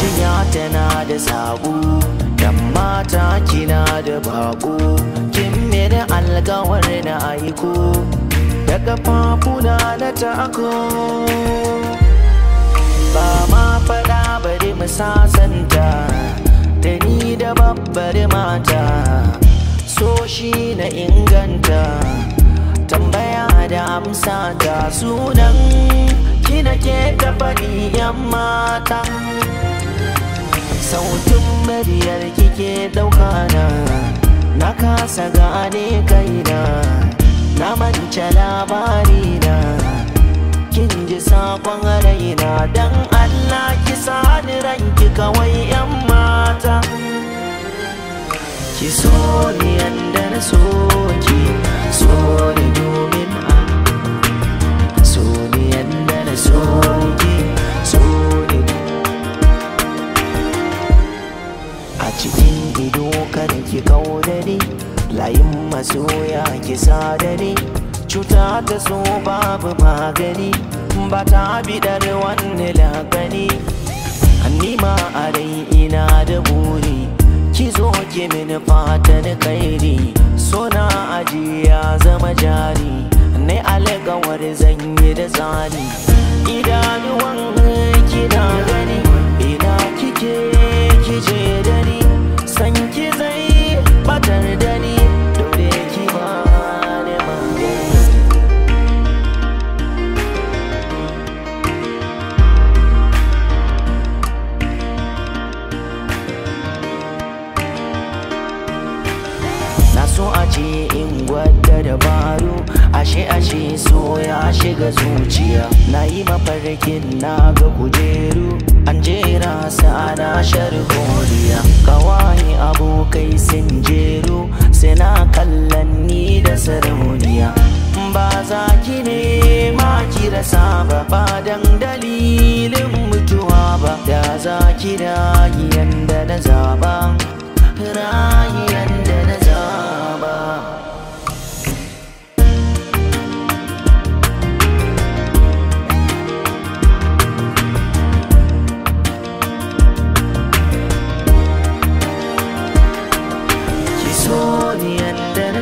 zuciya tana da sabu dan mata kina da bako kin mini alkawar na aiko daga fafuna na tako ba ma faɗa bari mu sasanta da ni da babbar mata so shi na inganta tambaya da amsa ta sunan kina ke ta faɗi yan mata sautin muryar kike ɗaukana, na na kasa gane kaina na mance labari na kin ji sakon raina dan Allah ki sani ranki kawai yan mata ki so ni yanda na so dare layin masoya ki sa dare cuta ta so babu magani ba ta bidar wani lagani nima a rai ina da buri ki zo ki mini fatan kairi sona ajiya zama jari ne alƙawar zan yi da zani so a ce in gwada dabaru ashe ashe so ya shiga zuciya na yi mafarkin na ga kujeru an jera sana sharhoriya kawai abokai sun jeru suna kallon ni da sarauniya ba za ki ne ma ki rasa ba ba dan dalilin mutuwa ba da za ki da yanda na zaba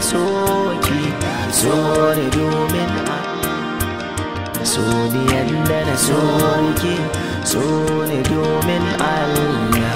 soki zo da domin so ni yadda na soki so ne domin Allah